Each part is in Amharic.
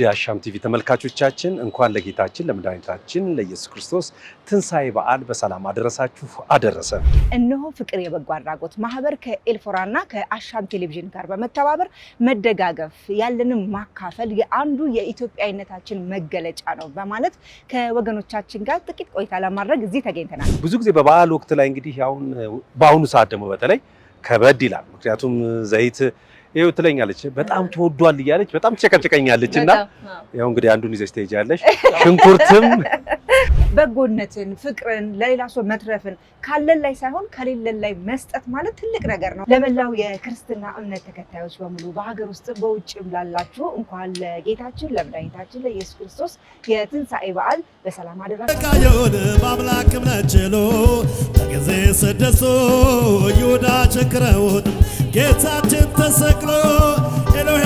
ዲያሻም ቲቪ ተመልካቾቻችን እንኳን ለጌታችን ለመድኃኒታችን ለኢየሱስ ክርስቶስ ትንሣኤ በዓል በሰላም አደረሳችሁ አደረሰ። እነሆ ፍቅር የበጎ አድራጎት ማህበር ከኤልፎራና ከአሻም ቴሌቪዥን ጋር በመተባበር መደጋገፍ፣ ያለንም ማካፈል የአንዱ የኢትዮጵያዊነታችን መገለጫ ነው በማለት ከወገኖቻችን ጋር ጥቂት ቆይታ ለማድረግ እዚህ ተገኝተናል። ብዙ ጊዜ በበዓል ወቅት ላይ እንግዲህ በአሁኑ ሰዓት ደግሞ በተለይ ከበድ ይላል። ምክንያቱም ዘይት ይሄው ትለኛለች። በጣም ተወዷል እያለች በጣም ትጨቀጭቀኛለች። እና ያው እንግዲህ አንዱን ይዘሽ ትሄጃለሽ ሽንኩርትም በጎነትን፣ ፍቅርን፣ ለሌላ ሰው መትረፍን ካለን ላይ ሳይሆን ከሌለን ላይ መስጠት ማለት ትልቅ ነገር ነው። ለመላው የክርስትና እምነት ተከታዮች በሙሉ በሀገር ውስጥ በውጭም ላላችሁ እንኳን ለጌታችን ለመድኃኒታችን ለኢየሱስ ክርስቶስ የትንሣኤ በዓል በሰላም አደረሰን። በአምላክ እምነት ችሎ በጊዜ ይሁዳ ጌታችን ተሰቅሎ ኤሎሄ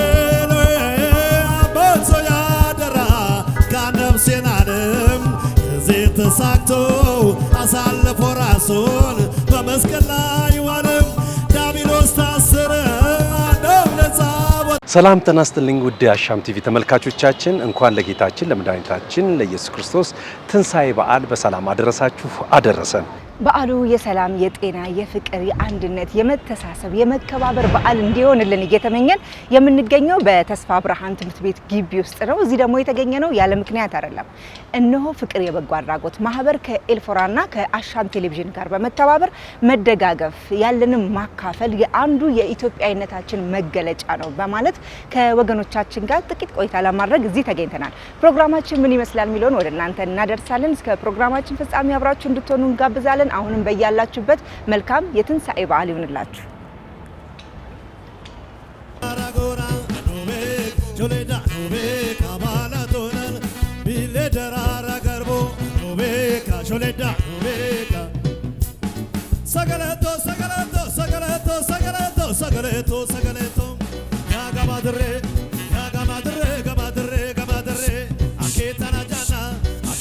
ራሱን በመስቀል ላይ ዋለም ዳቢሎስ ታሰረ። ሰላም ጤና ይስጥልኝ ውድ አሻም ቲቪ ተመልካቾቻችን፣ እንኳን ለጌታችን ለመድኃኒታችን ለኢየሱስ ክርስቶስ ትንሣኤ በዓል በሰላም አደረሳችሁ አደረሰን። በዓሉ የሰላም፣ የጤና፣ የፍቅር፣ የአንድነት፣ የመተሳሰብ፣ የመከባበር በዓል እንዲሆንልን እየተመኘን የምንገኘው በተስፋ ብርሃን ትምህርት ቤት ግቢ ውስጥ ነው። እዚህ ደግሞ የተገኘ ነው ያለ ምክንያት አይደለም። እነሆ ፍቅር የበጎ አድራጎት ማህበር ከኤልፎራና ከአሻም ቴሌቪዥን ጋር በመተባበር መደጋገፍ፣ ያለንም ማካፈል የአንዱ የኢትዮጵያዊነታችን መገለጫ ነው በማለት ከወገኖቻችን ጋር ጥቂት ቆይታ ለማድረግ እዚህ ተገኝተናል። ፕሮግራማችን ምን ይመስላል የሚለውን ወደ እናንተ እናደርሳለን። እስከ ፕሮግራማችን ፍጻሜ አብራችሁ እንድትሆኑ እንጋብዛለን። አሁንም በያላችሁበት መልካም የትንሣኤ በዓል ይሆንላችሁ።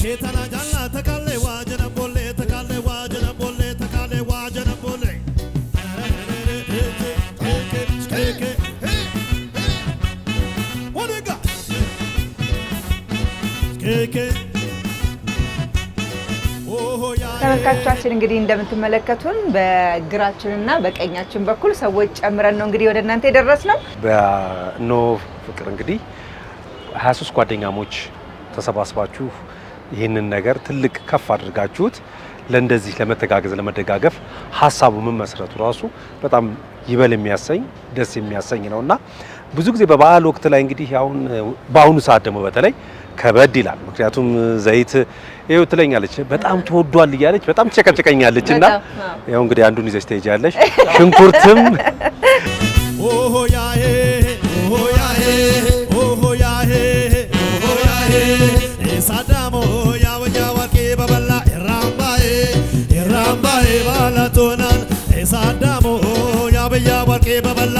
Get ተመልካቾቻችን እንግዲህ እንደምትመለከቱን በግራችንና በቀኛችን በኩል ሰዎች ጨምረን ነው እንግዲህ ወደ እናንተ ነው። በኖ ፍቅር እንግዲህ 23 ጓደኛሞች ተሰባስባችሁ ይህንን ነገር ትልቅ ከፍ አድርጋችሁት ለእንደዚህ ለመተጋገዝ ለመደጋገፍ ሀሳቡ ምን መሰረቱ ራሱ በጣም ይበል የሚያሰኝ ደስ የሚያሰኝ ነውና ብዙ ጊዜ በበዓል ወቅት ላይ እንግዲህ አሁን በአሁኑ ሰዓት ደግሞ በተለይ ከበድ ይላል። ምክንያቱም ዘይት ይኸው ትለኛለች በጣም ተወዷል እያለች በጣም ትጨቀጭቀኛለች። እና ያው እንግዲህ አንዱን ይዘሽ ትሄጃለሽ። ሽንኩርትም ሳዳሞ ያበያ ወርቄ በበላ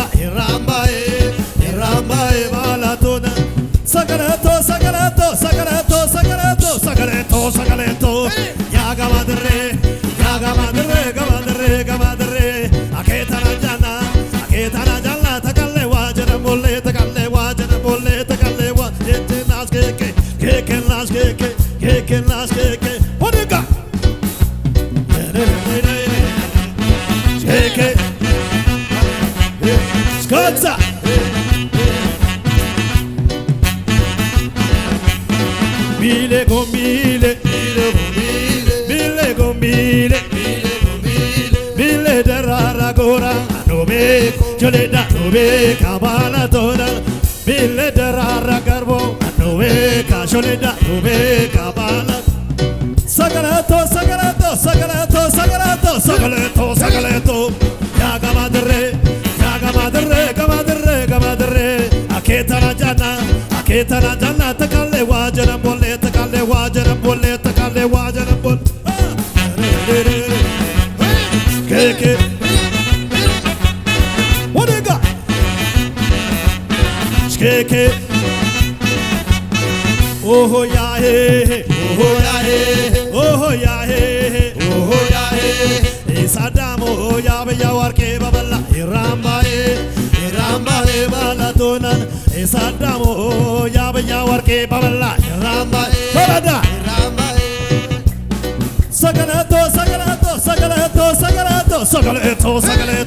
Mille con mille, mille con mille, mille con mille. dera ragora anobe jole da nobe kabala tora bille dera ragarbo anobe ka jole da nobe kabala sagarato sagarato sagarato sagarato sagarato sagarato ya gamadre ya gamadre gamadre gamadre aketana jana aketana jana takale wajana bolle takale wajana bolle takale wajana bolle Take it. What do you got? Shake it. Oh yeah, hey, oh yeah, hey, oh yeah, hey, oh yeah, hey. Sadam, oh yeah, be ya warke babala, iramba, iramba, bala tonan. Sadam, oh yeah, be ya warke babala, iramba, iramba. sagale eto oh, sagale